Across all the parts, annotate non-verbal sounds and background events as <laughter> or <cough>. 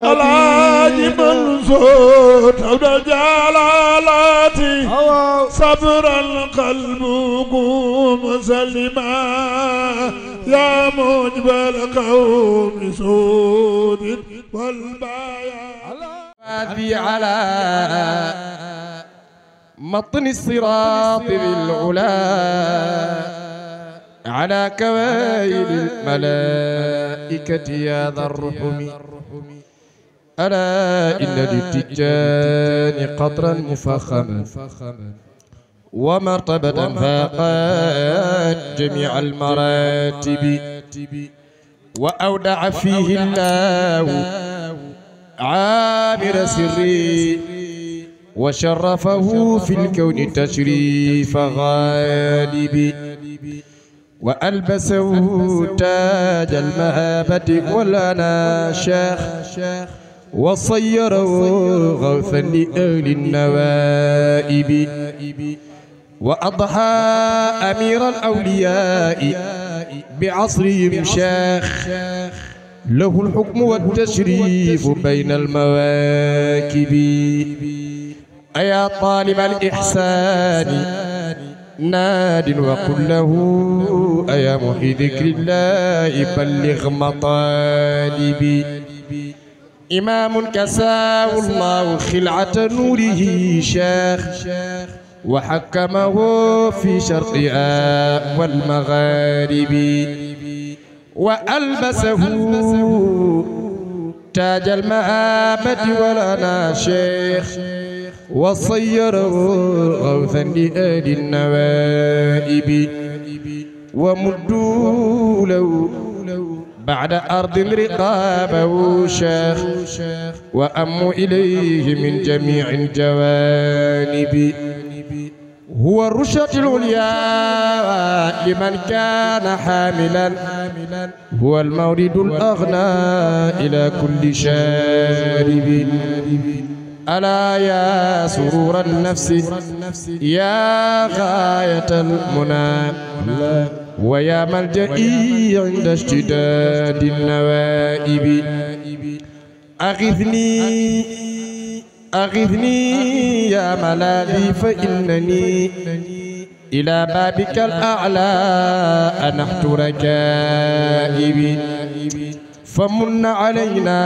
alaaji Mansour tawdal jalaalaati sabral qalbu muslima yaa mujbal qawmi suudin wal bayaa bi alaa matni siraati bil ulaa alaa kawaa'il malaa'ikati yaa dharhumi ألا إن للتجان قطرا مفخما ومرتبة فاقت جميع المراتب وأودع فيه الله عامر سري وشرفه في الكون تشريف غالب وألبسه تاج المهابة والأنا شيخ وصيره غوثا لأهل النوائب وأضحى أمير الأولياء بعصرهم شاخ له الحكم والتشريف بين المواكب أيا طالب الإحسان ناد وقل له أيا محي ذكر الله بلغ مطالبي إمام كساه الله خلعة نوره شيخ وحكمه في شرقها والمغارب وألبسه تاج المآبة ولنا شيخ وصيره غوثا لآل النوائب ومدوا له بعد أرض رقابه شيخ وأم إليه من جميع الجوانب هو الرشد العليا لمن كان حاملا هو المورد الأغنى إلى كل شارب ألا يا سرور النفس يا غاية المنى ويا ملجئي عند اشتداد النوائب أغثني أغثني يا ملاذي فإنني إلى بابك الأعلى أنحت رجائبي فمن علينا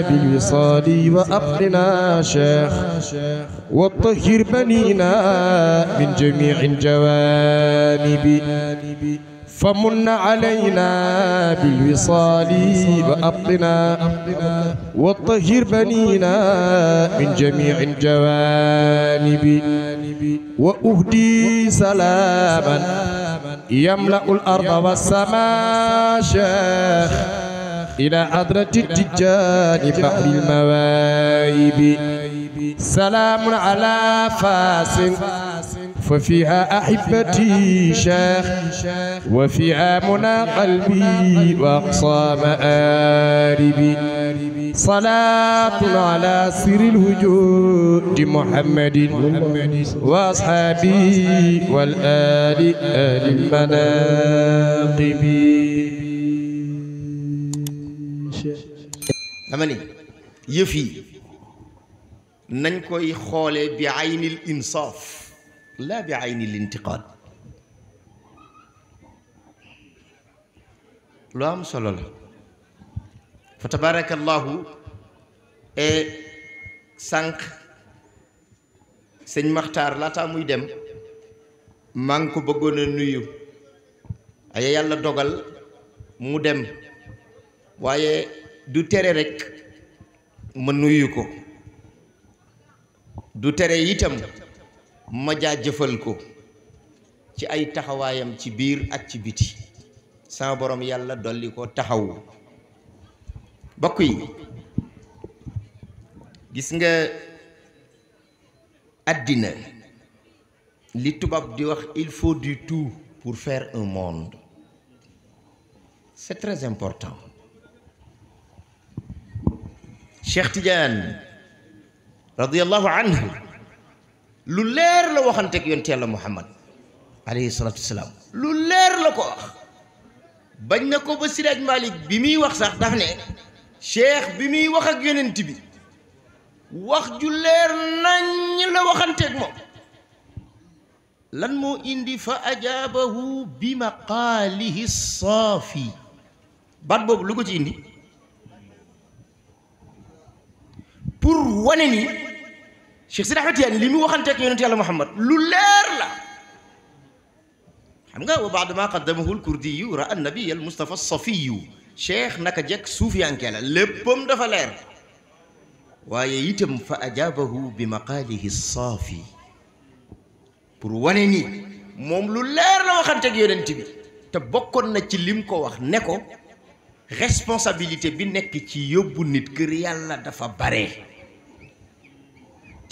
بالوصال وأقلنا شيخ وطهر بنينا من جميع الجوانب فمن علينا بالوصال وأقلنا وطهر بنينا من جميع الجوانب وأهدي سلاما يملأ الأرض والسماء شيخ إلى حضرة التجان بحر المواهب سلام على فاس ففيها أحبتي شيخ وفيها منى قلبي وأقصى مآربي صلاة على سر الوجود محمد وأصحابه والآل آل المناقب dama ni yi nañ koy xoole bi aynil insaaf laa bi aynil intiqaad lu am solo la fa tabaarakallaahu e sànq sëñ Maxtaar laataa muy dem maa ngi ko bëggoon a nuyu ay yàlla dogal mu dem waaye du tere rekk ma nuyu ko du tere itam ma jëfal ko ci ay taxawaayam ci biir ak ci biti sama borom yàlla dolli ko taxawu bokk yi gis nga àddina li tubaab di wax il faut du tout pour faire un monde c'est très important Cheikh Tidiane radiyallahu anhu lu leer la waxanteeg yonent Yàlla Muhammad alayhi salaatu wasalaam lu leer la ko wax bañ na ko ba Siraaj Malik bi muy wax sax daf ne cheikh bi muy wax ak yonent bi wax ju leer nañ la waxanteeg moom lan moo indi fa ajaabahu bi maqaalihi saafi baat boobu lu ko ci indi pour wane ni Cheikh Sidi Ahmed Tidiane li mu waxanteeg yonent yàlla Muhammad lu leer la xam nga wa baada ma qaddamahu lkurdiyu ra annabiya almustafa safiyu cheikh naka jekk suufiyanke la léppam dafa leer waaye itam fa ajaabahu bi maqaalihi saafi pour wane ni moom lu leer la waxanteeg yonent bi te bokkoon na ci lim ko wax ne ko responsabilité bi nekk ci yóbbu nit kër yàlla dafa bare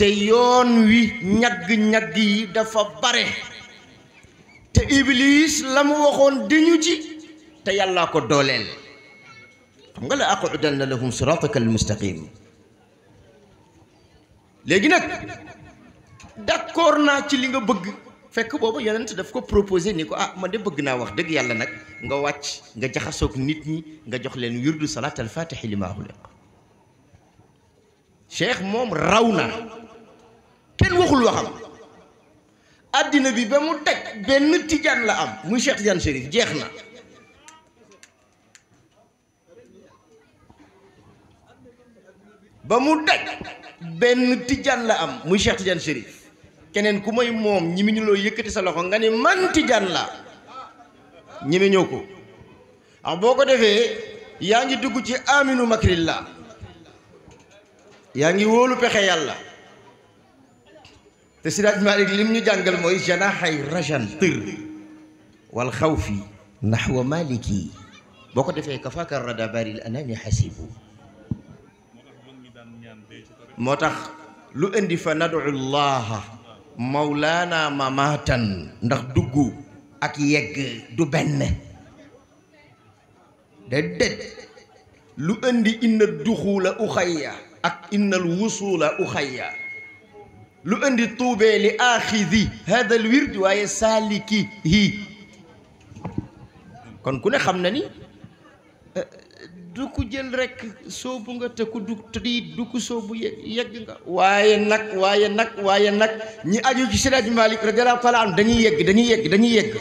te yoon wi ñagg-ñagg yi dafa bare te iblis la mu waxoon diñu ci te yàllaa ko dooleel xam nga la aqudanna lahum siraataka almustaqim léegi nag d'accord naa ci li nga bëgg fekk boobu yonent daf ko proposé ni ko ah man de bëgg naa wax dëgg yàlla nag nga wàcc nga jaxasoog nit ñi nga jox leen yurdu salaat alfaatixi li maa xuliq moom raw na kenn waxul waxam àddina bi ba mu teg benn tijaan la am muy Cheikh Tidiane Chérif jeex na ba mu teg benn tijaan la am muy Cheikh Tidiane Chérif keneen ku may moom ñi yëkkati sa loxo nga ne man tijaan la ñeme ñëw ko wax boo ko defee yaa ngi dugg ci aminu makrillah yaa ngi woolu pexe yàlla te Siraaj Maalik li mu jàngal mooy janaaxay rajan tër wal xawfi naxwa maliki boo ko defee kafaaka rada baril anami xasibu moo tax lu indi fa nadu llaha mawlaana mamaatan ndax dugg ak yegg du benn déedéet lu indi inna duxuula uxayya ak inna al wusuula lu indi tuubee li aaxidi hada al wird waaye saaliki hi kon ku ne xam na ni eh, du ko jël rekk soobu nga te ku du tiit du ko soobu yegg nga waaye nag waaye nag waaye nag ñi aju ci Seydi Malick radiyallaahu taala anhu dañuy yegg dañuy yegg dañuy yegg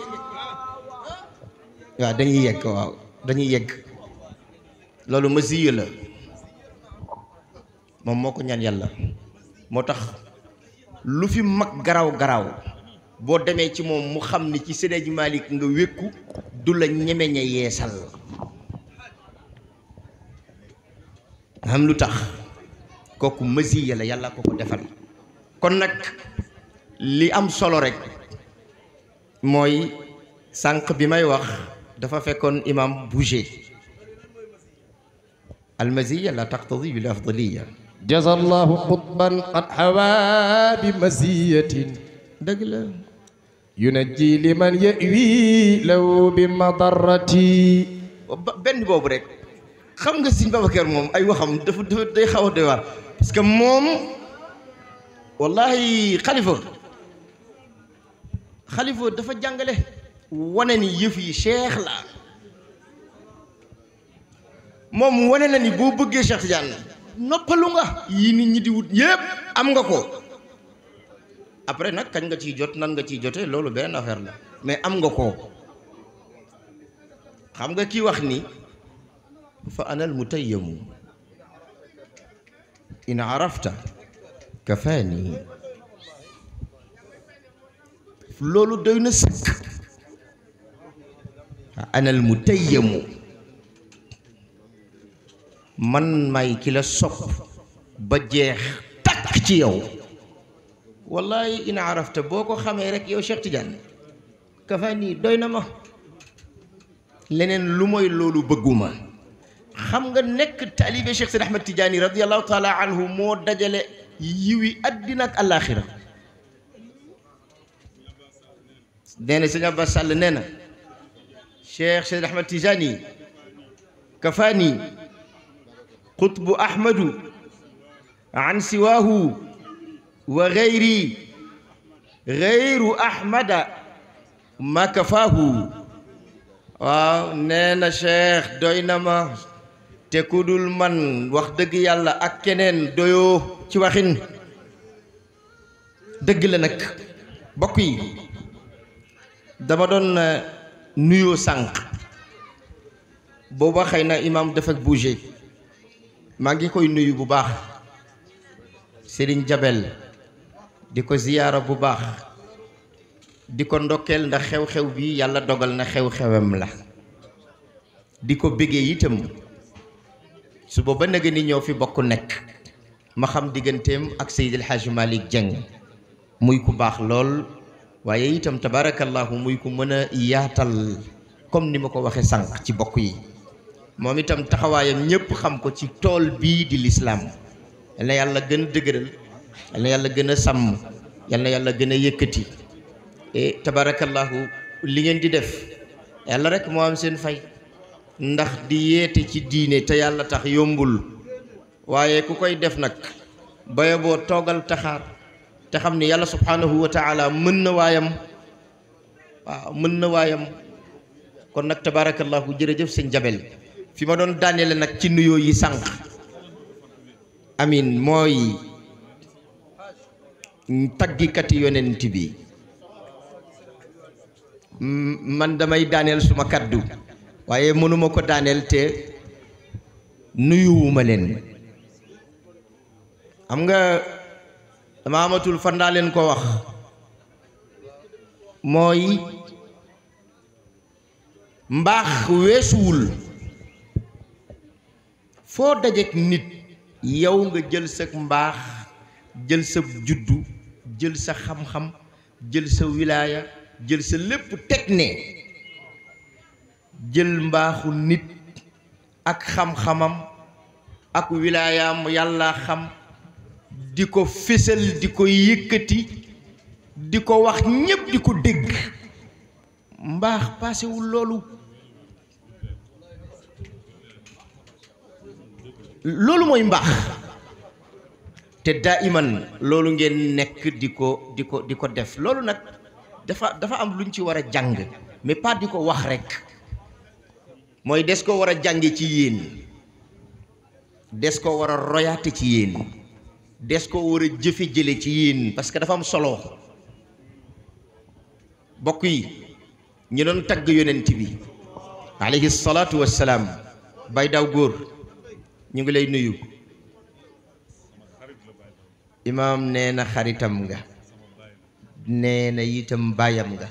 dañuy yegg waaw dañuy yegg loolu masiyu la moom moo ko ñaan yàlla moo tax lu fi mag garaaw garaaw boo demee ci moom mu xam ni ci Seydi Hadji nga wékku du la ñemeñ a yeesal am lu tax kooku masiya la yàlla ko ko defal kon nag li am solo rek mooy sanq bi may wax dafa fekkoon imam bouger almasiya la taqtadi bil afdaliya jaza allahu qutban qad xawaa bi masiyatin dëgg la yunajji liman yawi law bi madarrati benn boobu rek xam nga sëñ Babacar moom ay waxam dafa dafa day xaw a doy waar parce que moom wallahi xalifa xalifa dafa jàngale wane ni yëf yi cheikh la moom wane na ni boo bëggee Cheikh Tidiane noppalu nga yii nit ñi di wut yëpp am nga ko après nag kañ nga ciy jot nan nga ciy jotee loolu benn affaire la mais am nga ko xam nga kii wax ni fa anal mutayyamu in arafta kafaani loolu doy na sëkk fa anal man may ki la sopp ba jeex takk ci yow wallahi in arafta boo ko xamee rek yow Cheikh Tidiane kafa doy na ma leneen lu mooy loolu bëgguma xam nga nekk taalibe Cheikh Sidi Ahmed Tidiane radiallahu taala moo dajale yiwi addina ak àllaaxira nee na sëñ Abbas Sall nee na Cheikh kafaani qutbu ahmadu an siwaahu wa gayri gayru ahmada makafaahu waaw nee na cheikh doy na ma te ku dul man wax dëgg yàlla ak kenen doyo ci waxin dëgg la nag bokk yi dama doon eh, nuyoo sànq booba xëy na imam dafa bougé maa ngi koy nuyu bu baax Serigne Jabel di ko ziyaara bu baax di ko ndokkeel ndax xew-xew bi yàlla dogal na xew-xewam la di ko bëggee itam suba ba nag ni ñoo fi bokk nekk ma xam digganteem ak Seydil Hadji Malick Dieng muy ku baax lool waaye itam tabarakallahu muy ku mën a yaatal comme ni ma ko waxee sànq ci bokk yi moom itam taxawaayam ñëpp xam ko ci tool bii di lislaam yal na yàlla gën a dëgëral yal na yàlla gën a sàmm yal na yàlla gën a yëkkati eh, tabarakallahu li ngeen di def yàlla rek moo am seen fay ndax di yeete ci diine te yàlla tax yombul waaye ku koy def nag baya boo toogal taxaar te xam ni yàlla subhanahu wa taala mën na waayam waaw mën na waayam kon nag tabarakallahu jërëjëf seen jabel fi ma doon daaneele nag ci nuyoo yi sànq amin mooy taggikati yonent bi man damay daaneel suma kaddu waaye mënuma ko daaneel te nuyuwuma leen xam nga dama amatul fan laa leen ko wax mooy mbaax weesuwul foo dajeek nit yow nga jël sa mbaax jël sa juddu jël sa xam-xam jël sa wilaaya jël sa lépp teg ne jël mbaaxu nit ak xam-xamam ak wilaayaam yàllaa xam di ko fésal di ko yëkkati di ko wax ñépp di ko dégg mbaax paasewul loolu loolu mooy mbaax te daa iman loolu ngeen nekk di ko di ko di ko def loolu nag dafa dafa am lu luñ ci war a jàng mais pas di ko wax rek mooy des ko war a jànge ci yéen des ko war a royaate ci yéen des ko war a jëfe jële ci yéen parce que dafa am solo bokk yi ñu doon tagg yonent bi alayhi salaatu wassalaam bay daaw góor ñu ngi lay nuyu imaam nee na xaritam nga nee na itam baayam nga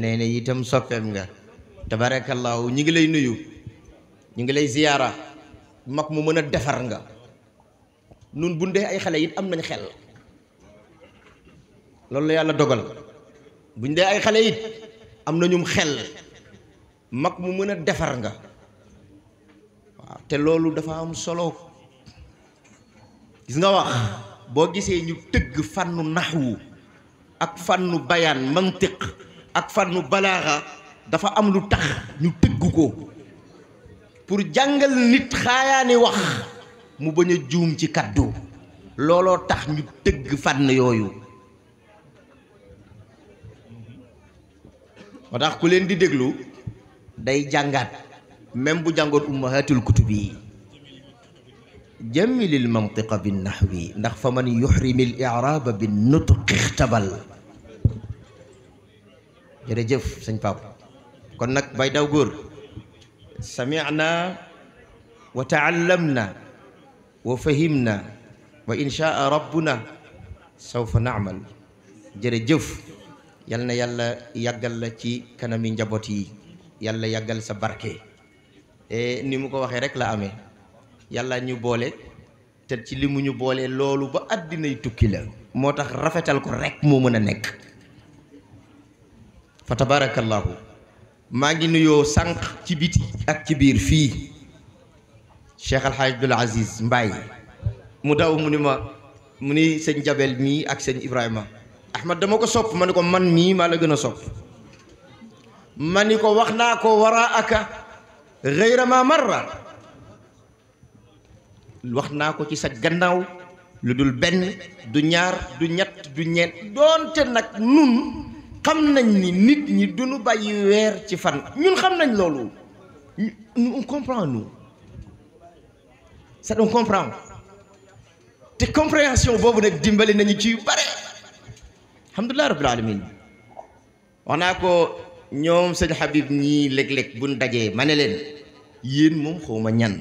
nee na itam soppeem nga tabaarakallaahu ñu ngi lay nuyu ñu ngi lay ziyaara mag mu mën a defar nga nun bu dee ay xale it am nañ xel loolu la yàlla dogal dee ay xale it am nañum xel mag mu mën a defar nga waaw te loolu dafa am solo gis nga wax boo gisee ñu tëgg fànnu naxwu ak fànnu bayaan mantiq ak fànnu balaaxa dafa am lu tax ñu tëgg ko pour jàngal nit xaayaani wax mu bañ a juum ci kàddu looloo tax ñu tëgg fànn yooyu moo tax ku leen di déglu day jàngaat même bu jàngoon ummahatul kutubi jamilil mantiqa bin ndax fa man yuxrimil iraaba bi nutqi ixtabal jërëjëf sëñ Pape kon nag bay daw góor samicna wa taallamna wa fahimna wa inchaa rabbuna sawfa naamal jërëjëf yal na yàlla yàggal la ci kanami njaboot yi yàlla yàggal sa barke E, ni mu ko waxee rek la amee yàlla ñu boole te ci li mu ñu boole loolu ba àddinay tukki la moo tax rafetal ko rek moo mën a nekk fa tabarakallahu maa ngi nuyoo sànq ci biti ak ci biir fii Cheikh Alhaaj Abdul Aziz Mbaay mu daw mu ni ma mu ni sëñ Jabel mii ak sëñ Ibrahima Ahmad dama ko sopp ma ni ko man mii maa la gën a sopp ma ni ko wax naa ko waraaka gayra ma marra wax naa ko ci sa gannaaw lu dul benn du ñaar du ñett du ñeent doonte nag nun xam nañ ni nit ñi duñu bàyyi weer ci fan ñun xam nañ loolu on comprend nous ça on comprend te compréhension boobu nag dimbali nañu ci yu bare alhamdulilah rabbil alamin wax naa ko ñoom sëñ Habib ñii léeg-léeg buñ dajee ma ne leen yéen moom xaw ma ñan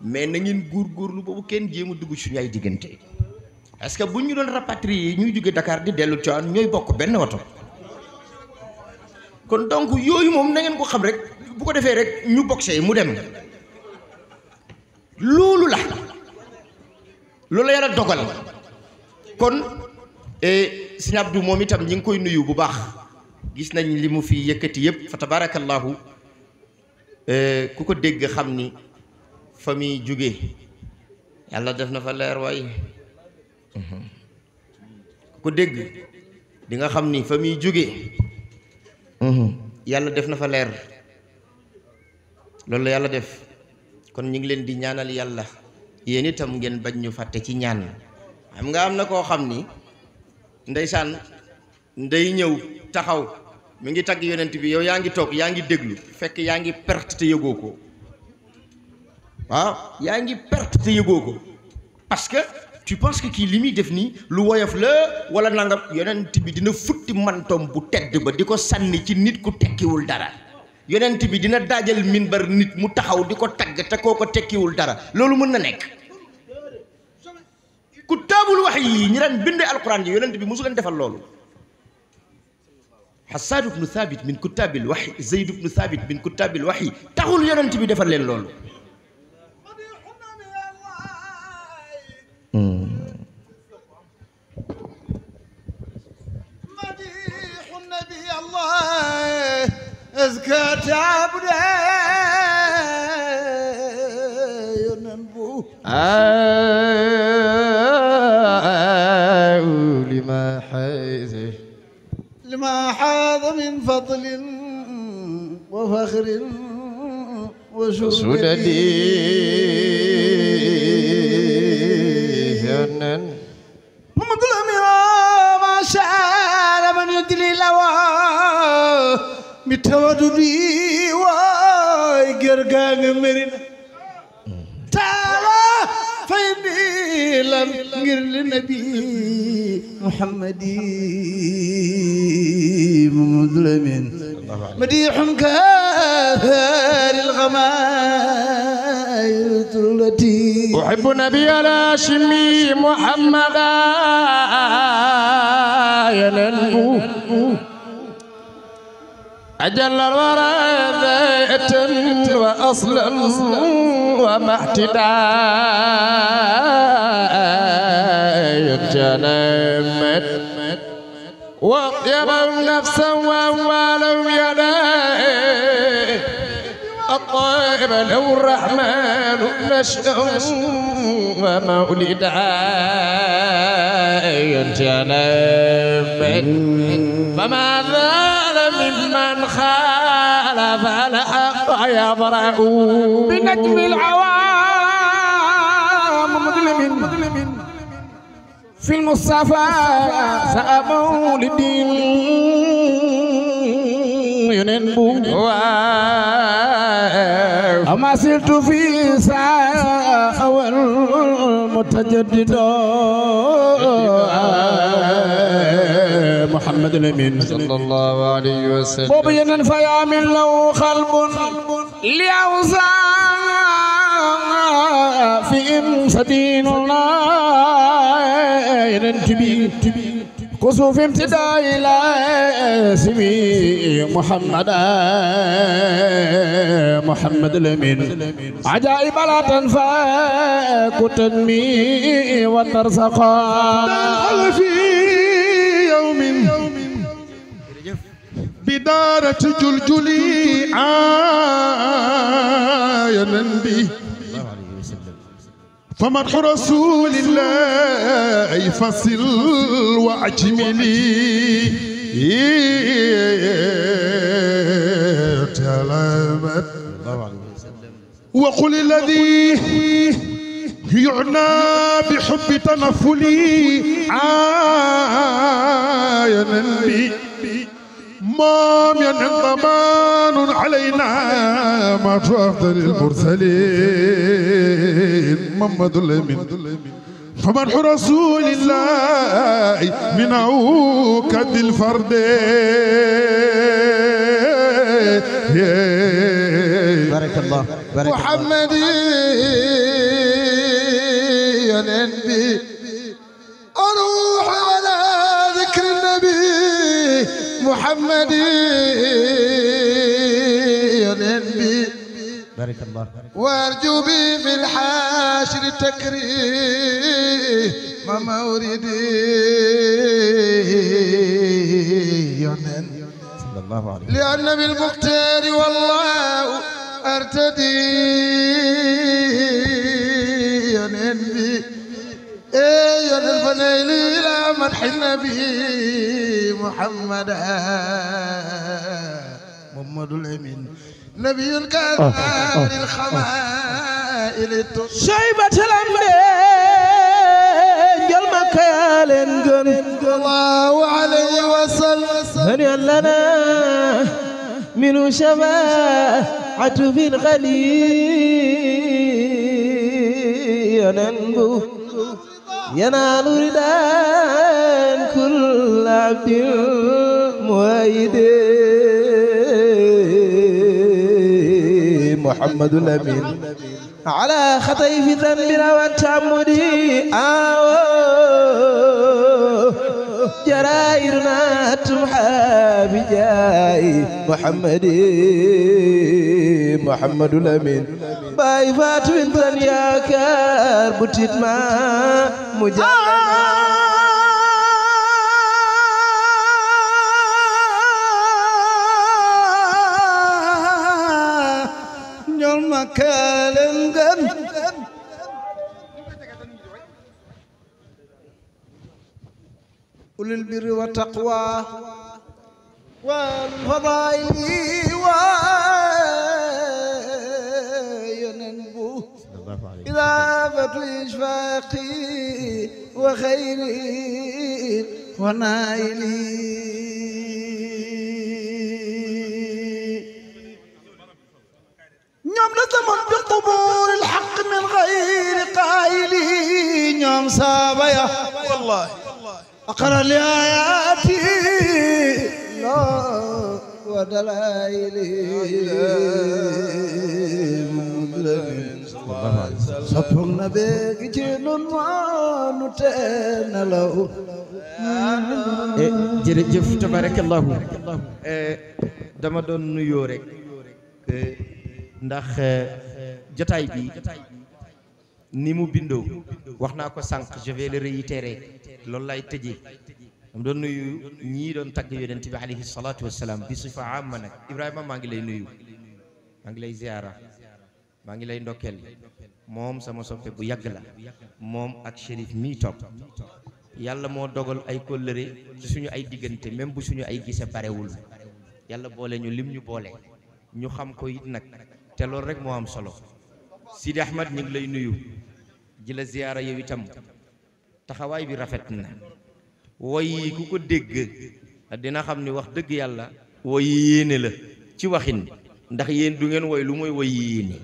mais na ngeen lu boobu kenn jéem a dugg suñu ay diggante parce que bu ñu doon yi ñuy jóge dakaar di dellu Tivaouane ñooy bokk benn woto kon donc yooyu moom na ngeen ko xam rek bu ko defee rek ñu bokk see mu dem loolu la loolu la yàlla dogal kon e, Sëñ Abdou moom itam ñi ngi koy nuyu bu baax gis nañ li mu fi yëkkati yëpp fa tabarakallahu Eh, ku ko dégg xam ni fa muy jóge yàlla def na fa leer waaye mhm. ku dégg di nga xam ni fa muy jóge mhm. yàlla def na fa leer loolu la yàlla def kon ñu ngi leen di ñaanal yàlla yéen itam ngeen bañ ñu fàtte ci ñaan xam nga am na koo xam ni ndeysaan nday ñëw taxaw mi ngi tagg yonent bi yow yaa ngi toog yaa ngi déglu fekk yaa ngi perte te yëgoo ko waaw ah, yaa ngi perte te yëgoo ko parce que tu penses que kii li muy def nii lu woyof la wala nangam yonent bi dina futti mantoom bu tedd ba di ko sànni ci nit ku tekkiwul dara yonent bi dina daajal min minbar nit mu taxaw di ko tagg te koo ko tekkiwul dara loolu mën na nekk ku taabul wax yi ñi daan bind alquran yi yonent bi mosu leen defal loolu Hassan ibnu Thabit min kuttaabil waxi Zayd ibnu Thabit min kuttaabil waxi taxul yonent bi defal leen loolu. Hmm. ah. فخر وسندي محمد الأمير ما شاء من يدلي لوا بتودي واي جرجان مرينا تعالى فيني لم غير للنبي محمد محمد الأمين مديح كان أزهار الغمائل التي أحب نبي الهاشمي محمدا ينبو أجل الورى ذات وأصلا ومحتدا يتنمت وطيبا نفسا وأموالا يدائم الطيب لو الرحمن نشأ ومولدا ينجلب فما زال ممن خالف الحق يبرأ بنجم العوام مظلم في المصطفى سأمولد ينبوها وما زلت في ساوى المتجدد محمد الامين صلى الله عليه وسلم مبينا فيعمل له قلب ليوزع في ام سدين الله ينتبه قصوف امتداء إلى اسمي محمد محمد الأمين عجائب لا تنفاك تنمي وترزقا دخل في يوم بدارة جلجلي عاينا به فمدح رسول الله فصل وأجملي تلامت وقل الذي يعنى بحب تنفلي عاينا بي ما من ضمان علينا ما أفضل المرسلين محمد الأمين فمنح رسول الله من عوكة الفرد بارك الله بارك الله محمد محمد ينبي بارك الله وارجو بي في الحاشر تكريم موردي ينن صلى الله عليه لأن بالمختار والله أرتدي ينن بي يا ذا الفنيل إلى مدح النبي محمد محمد الأمين نبي كان الخمائل شيبة الأنبياء جل مكة يا لنجن الله عليه وسلم هنيئا لنا من شفاعة في الغليل يا ننبو ينال ردان كل عبد مؤيد محمد الأمين على خطيف ذنب وتعمدي آه جرائرنا تمحى بجاي محمد محمد الأمين باي فات من دنيا كار بوتيت ما مجالنا البر والتقوى والفضائل وينبو إضافة إشفاقي وخيري ونائلي ñoom la zaman bi qubuur alxaq min gayri qaayili ñoom saabaya wallahi أقرأ لآياتي لا ودلائلي مبلغ صفقنا بك جنون وانتنا له eh, jërëjëf tabarakallahu eh, dama doon nuyoo rek eh, ndax jotaay bi ni mu bindoo wax naa ko sànq je vais le réitérer loolu lay tëjee am doon nuyu ñii doon tagg yonent bi alayhi salaatu wasalaam bi sifa ma nag Ibrahima maa ngi lay nuyu maa ngi lay ziara maa ngi lay ndokkeel moom sama soppe bu yàgg la moom ak shérif mii toog yàlla moo dogal ay kóllëre ci suñu ay diggante même bu suñu ay gise barewul yàlla boole ñu lim ñu boole ñu xam ko it nag te loolu rek moo am solo Sidi Ahmed ñu lay nuyu ji la ziyaara yow itam taxawaay bi rafet na woy yi ku ko dégg dina xam ni wax dëgg yàlla woy yéene la ci waxin ndax yéen du ngeen woy lu mooy woy yéene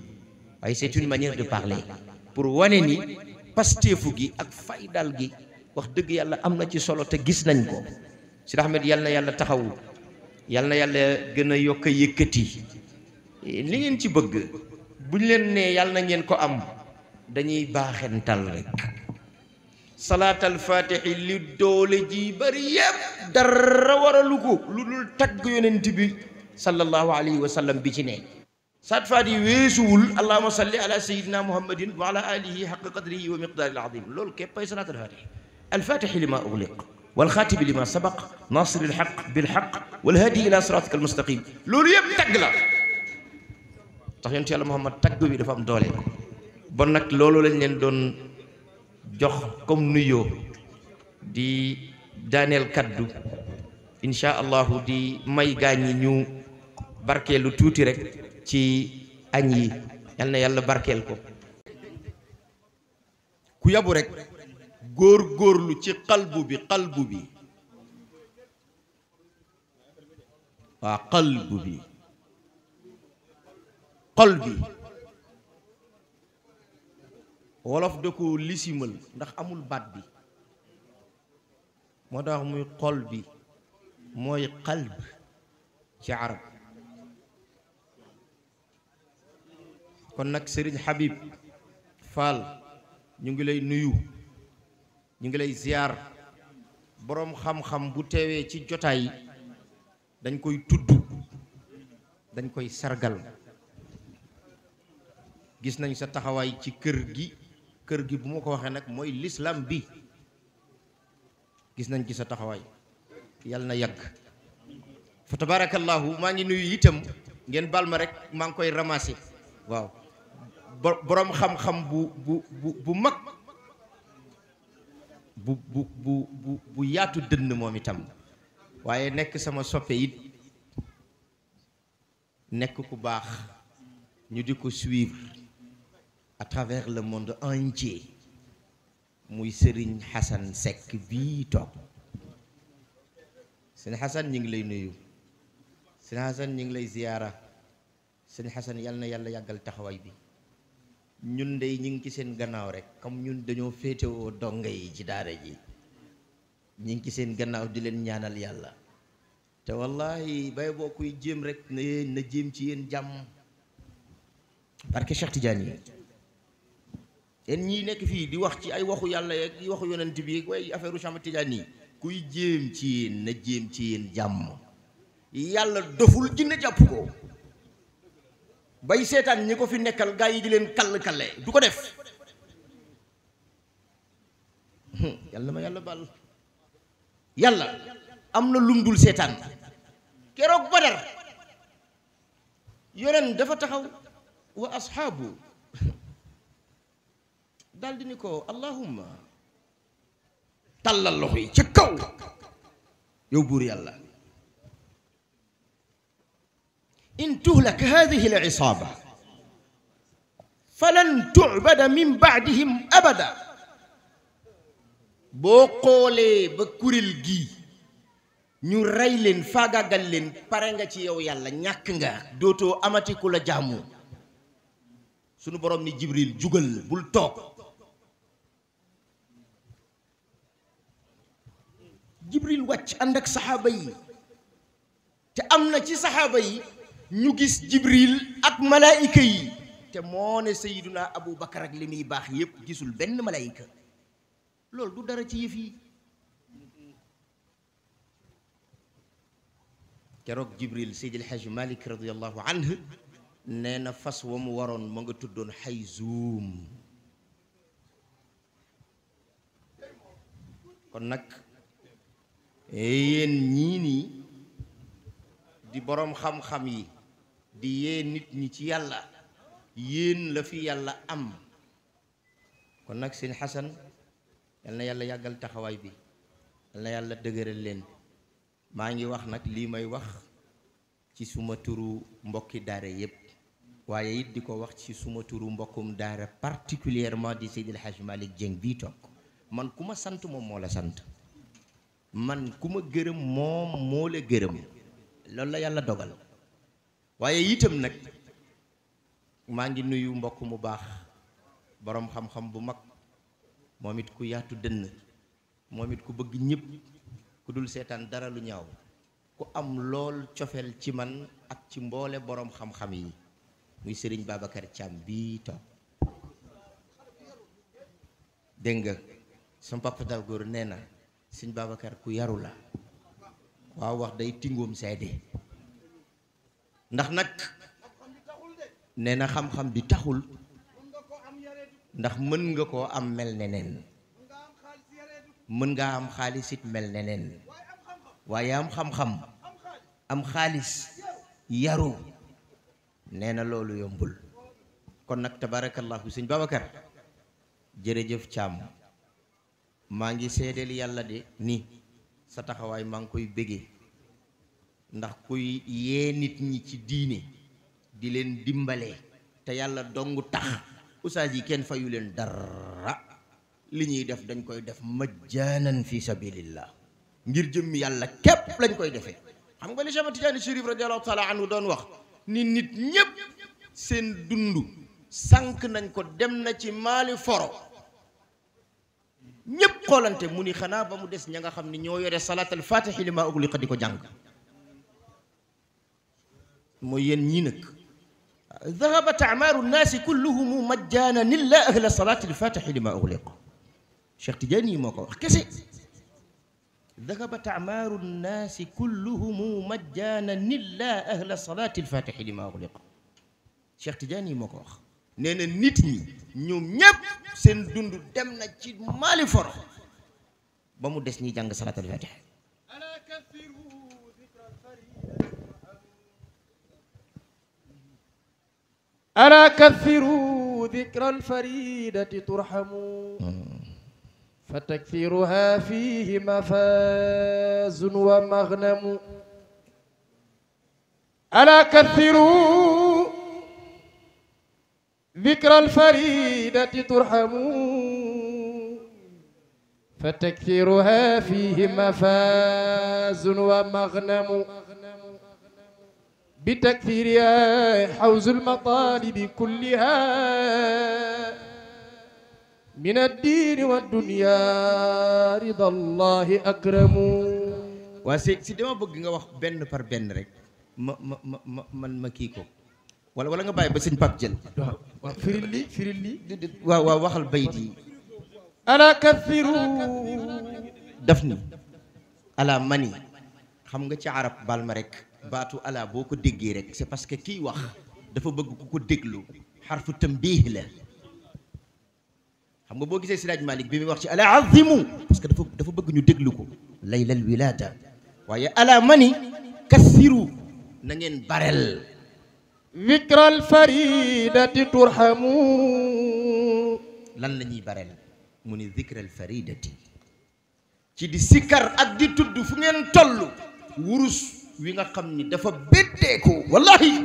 waaye c'est une manière de parler pour wane ni pasteefu gi ak faydal gi wax dëgg yàlla am na ci solo te gis nañ ko Sidi Ahmed yal na yàlla taxawul yal na yàlla gën a yokk a yëkkati li ngeen ci bëgg bu ñu leen nee yàlla na ngeen ko am dañuy baaxental rek salaatal faatixi li doole ji bari yépp dara waralu ko lu dul tagg yonent bi sallallahu alayhi wa sallam bi ci ne saat faat yi weesuwul allahuma salli ala sayidina muhammadin wa ala alihi xaq qadrihi wa miqdaari alazim loolu képp ay salaatal faatixi alfaatixi lima ugliq walxaatimi lima sabaq nasiri alxaq bilxaq walhaadi ila siraatika almustaqim loolu yépp tagg la ndax yonent yàlla Muhammad tagg bi dafa am doole bon nag loolu lañ leen doon jox comme nuyoo di daaneel kaddu incha di may gaañ yi ñu barkeel lu tuuti rek ci añ yi yal yàlla barkeel ko ku yabu rek góor góorlu ci xalbu bi xalbu bi waa xalbu bi xol bi wolof da ko lisimal ndax amul baat bi moo tax muy xol bi mooy xalb ci arab kon nag sëriñ Habib Fall ñu ngi lay nuyu ñu ngi lay ziar boroom xam-xam bu teewee ci jotaay dañ koy tudd dañ koy sargal gis nañ sa taxawaay ci kër gi kër gi bu ma ko waxee nag mooy lislaam bi gis nañ ci sa taxawaay yàlla na yàgg fa tabarakallahu maa ngi nuyu itam ngeen baal ma rek maa ngi koy ramassé waaw boroom xam-xam bu bu bu mag bu bu bu bu bu yaatu dënn moom itam waaye nekk sama soppe it nekk ku baax ñu di ko suivre à travers le monde entier muy Serigne Hassan Seck bii toog sëñ Hassan ñi ngi lay nuyu sëñ Hassan ñu ngi lay ziyaara sëñ Hassan yal na yàlla yàggal taxawaay bi ñun dey ñu ngi ci seen gannaaw rek comme ñun dañoo féetewoo donga yi ci daara ji ñu ngi ci seen gannaaw di leen ñaanal yàlla te wallahi bay boo kuy jéem rek na jéem ci yéen jàmm barke Cheikh Tidiane yi yéen ñii nekk fii di wax ci ay waxu yàlla yeeg yi waxu yonent bi yeeg waaye sama Cheikh yi kuy jéem ci yéen na jéem ci yéen jàmm yàlla doful jinne jàpp ko bay seetaan ñi ko fi nekkal gaa yi di leen kall-kalle du ko def hmm, yàlla ma yàlla baal yàlla am na lum dul seetaan keroog Badar yonent dafa taxaw wa ashaabu daldi di ni ko allahumma tàllal loxo yi ca kaw buur yàlla in tuhlak hadihi al isaaba falan tubada min baadihim abada boo xoolee ba kuréel gi ñu rey leen faagaagal leen pare nga ci yow yàlla ñàkk nga dootoo amati ku la jaamu sunu borom ni jibril jugal bul toog jibril wàcc ànd ak saxaaba yi te am na ci saxaaba yi ñu gis jibril ak malaayika yi te moo ne sayiduna abou bakar ak li muy baax yépp gisul benn malaayika loolu du dara ci yëf yi keroog jibril seydil haj malik radiallahu anhu nee na fas wa mu waroon ma nga tuddoon xayzuum kon nag Eh, yéen ñii nii di boroom xam-xam yi di yee nit ñi ci yàlla yéen la fi yàlla am kon nag seen xasan yal na yàlla yàggal taxawaay bi yal na yàlla dëgëral leen maa ngi wax nag lii may wax ci suma turu mbokki daara yépp waaye it di ko wax ci suma turu mbokkum daara particulièrement di Seydil Hadj Malick Dieng bii toog man ku ma sant moom moo la sant man ku ma gërëm moom moo la gërëm loolu la yàlla dogal waaye itam nag maa ngi nuyu mbokk mu baax boroom xam-xam bu mag moom it ku yaatu dënn moom it ku bëgg ñépp ku dul seetaan dara lu ñaaw ku am lool cofeel ci man ak ci mboole boroom xam-xam yi muy sëriñ Babacar Thiam bii toog dégg nga sama papa nee na sëñ Babacar ku yaru la waaw wax day tingoom seede ndax nag nee na xam-xam bi taxul ndax mën nga koo am mel neneen mën nga am xaalis it mel neneen waaye am xam-xam am xaalis yaru nee na loolu yombul kon nag tabarakallahu sëñ Babacar jërëjëf Caam maa ngi seedeel yàlla de ni sa taxawaay maa ngi koy bëggee ndax kuy yee nit ñi ci diine di leen dimbale te yàlla dong tax ustaas yi kenn fayu leen dara li ñuy def dañ koy def majjaanan fi sabilillah ngir jëm yàlla képp lañ koy defee xam nga li Cheikh Tidiane Chérif radiyallahu taala anhu doon wax ni nit ñépp seen dund sànq nañ ko dem na ci maali foro ñépp xoolante mu ni xanaa ba mu des ña nga xam ni ñoo yore salaatal faatixi li maa ugliqa di ko jàng mooy yéen ñii nag dahabat amaaru nnaasi kulluhumu majjaanan illa ahla salaati alfaatixi li maa ugliqa Cheikh Tidiane yi moo ko wax kese dahabat amaaru nnaasi kulluhumu majjaanan illa ahla salaati alfaatixi li maa ugliqa Cheikh Tidiane yi moo ko wax nee na nit ñi ñoom ñépp seen dem na ci maali foro ba mu des ñi jàng salaatul fatiha ألا كثروا ذكر الفريدة ترحموا فتكثيرها فيه مفاز ومغنم ألا كثروا ذكر الفريدة ترحم فتكثيرها فيه مفاز ومغنم بتكثيرها حوز المطالب كلها من الدين والدنيا رضا الله أكرم واسي سيدي ما بغي nga wax benn par benn rek ma ma ma man ma kii ko wala wala nga bàyyi ba sëñ Pape jël waaw firil li firil li waaw waaw waxal bayit yi ala kathiru daf ni ala mani xam nga ci arab baal ma rek baatu ala boo ko déggee rek c'est parce que kii wax dafa bëgg ku ko déglu xarfu tambiih la xam nga boo gisee Siraaj Malik bi muy wax ci ala azimu parce que dafa dafa bëgg ñu déglu ko laylal waaye ala mani kassiru na ngeen barel ذكر الفريدة ترحم lan la ñuy bareel mu ni ذكر الفريدة ci di sikkar ak di tudd fu ngeen toll wurus wi nga xam ni dafa beddeeku wallahi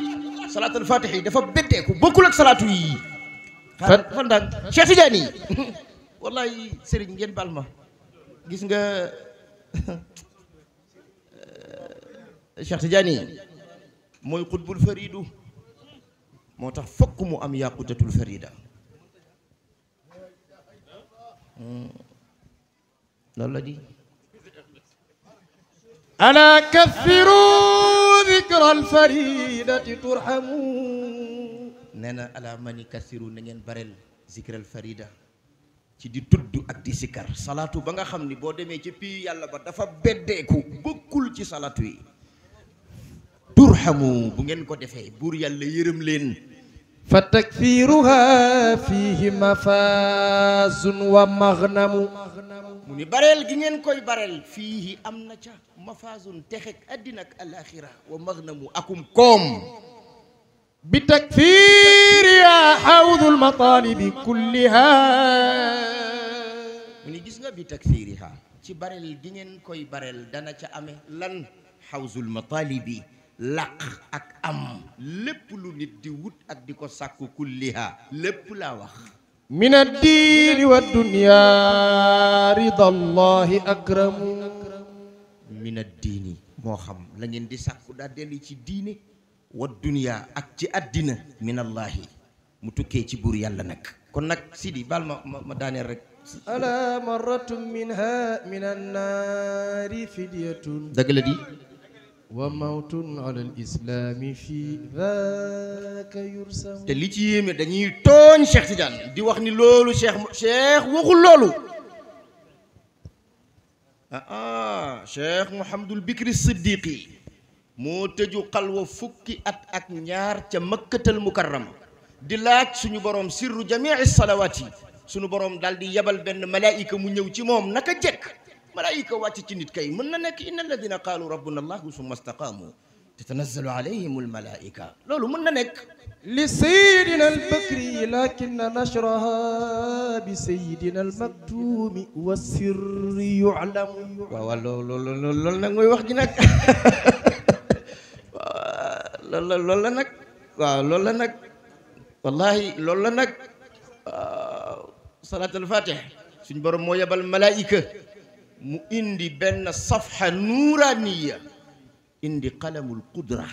salaatul faatiha dafa beddeeku bokkul ak salaatu yi fan fan daal Cheikh <laughs> wallahi Serigne ngeen baal gis nga <laughs> euh, Cheikh Tidiane yi mooy xutbul faridu moo tax fokk mu am yàqutatul farida hmm. loolu la di alaa kaffiru dikra alfaridati turhamu nee alaa mani kaffiru na bareel zikra alfarida ci di tudd ak di sikar salaatu ba nga xam ni boo demee ci pii yàlla ko dafa beddeeku bokkul ci salaatu yi turhamu bu ngeen ko defee buur yàlla yërëm leen fa takfiiruha fiihi mafaasun wa maxnamu mu ni bareel gi ngeen koy bareel fiihi am na ca mafaasun texeg àddina ak alaaxira wa maxnamu akum koom bi takfiiriha xawdul mataalibi kulliha mu ni gis nga bi takfiiriha ci bareel gi ngeen koy bareel dana ca amee lan xawdul mataalibi làq ak am lépp lu nit di wut ak di ko sàkku kulliha lépp laa wax min addiini wa dunya ridallahi akramu min addiini moo xam la ngeen di sàkku daa dellu ci diine wa dunya ak ci àddina min allahi mu tukkee ci buur yàlla nag kon nag Sidi baal ma ma daaneel rek ala marratun min annaari fidyatun dëgg وموت على الإسلام في ذاك يرسم te li ci yéeme dañuy tooñ Cheikh Tidiane di wax ni loolu Cheikh Cheikh waxul loolu ah ah Cheikh Mouhamadul Bikri moo tëju xalwa fukki at ak ñaar ca Makkatal Mukarram di laaj suñu borom sirru jamii salawaat yi suñu borom daal di yebal benn malaayika mu ñëw ci moom naka jekk. malaayika wàcc ci nit kay mën na nekk inna alladina qaalu rabbuna allahu summa staqaamu tatanazzalu alayhim almalaika loolu mën na nekk li sayidina albakri lakin nashraha bi sayidina almaktumi wa sirri yulamu waaw waaw loolu loolu loolu nag mooy wax ji nag <laughs> loolu la loolu la nag waaw loolu la nag wallahi loolu la nag salaat alfatih suñ borom moo yebal malaayika mu indi benn safxa nuuraniya indi qalamul qudra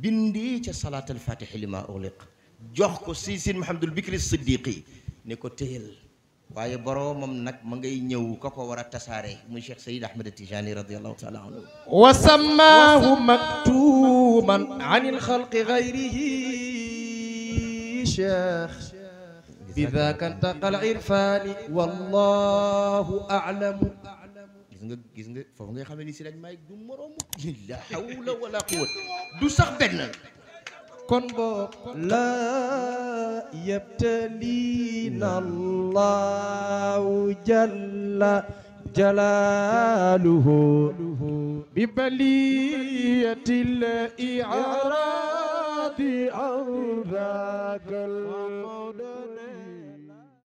bindi ca salaatal fatixi li ma uliq jox ko si sin mahamadul bikri siddiqi ne ko téyel waaye boroomam nag ma ngay ñëw ka ko war a tasaare muy cheikh sayid ahmad tijani radiallahu taala anhu wa sammaahu maktuuman an ilxalqi gayrihi cheikh بذاك انتقى العرفان والله أعلم gis nga gis nga foofu ngay xamee ni si lañ may du moroomu la hawla wala quwwata du sax benn kon boog la yabtalina allahu jalla jalaaluhu bi baliyatil i'raadi an ragal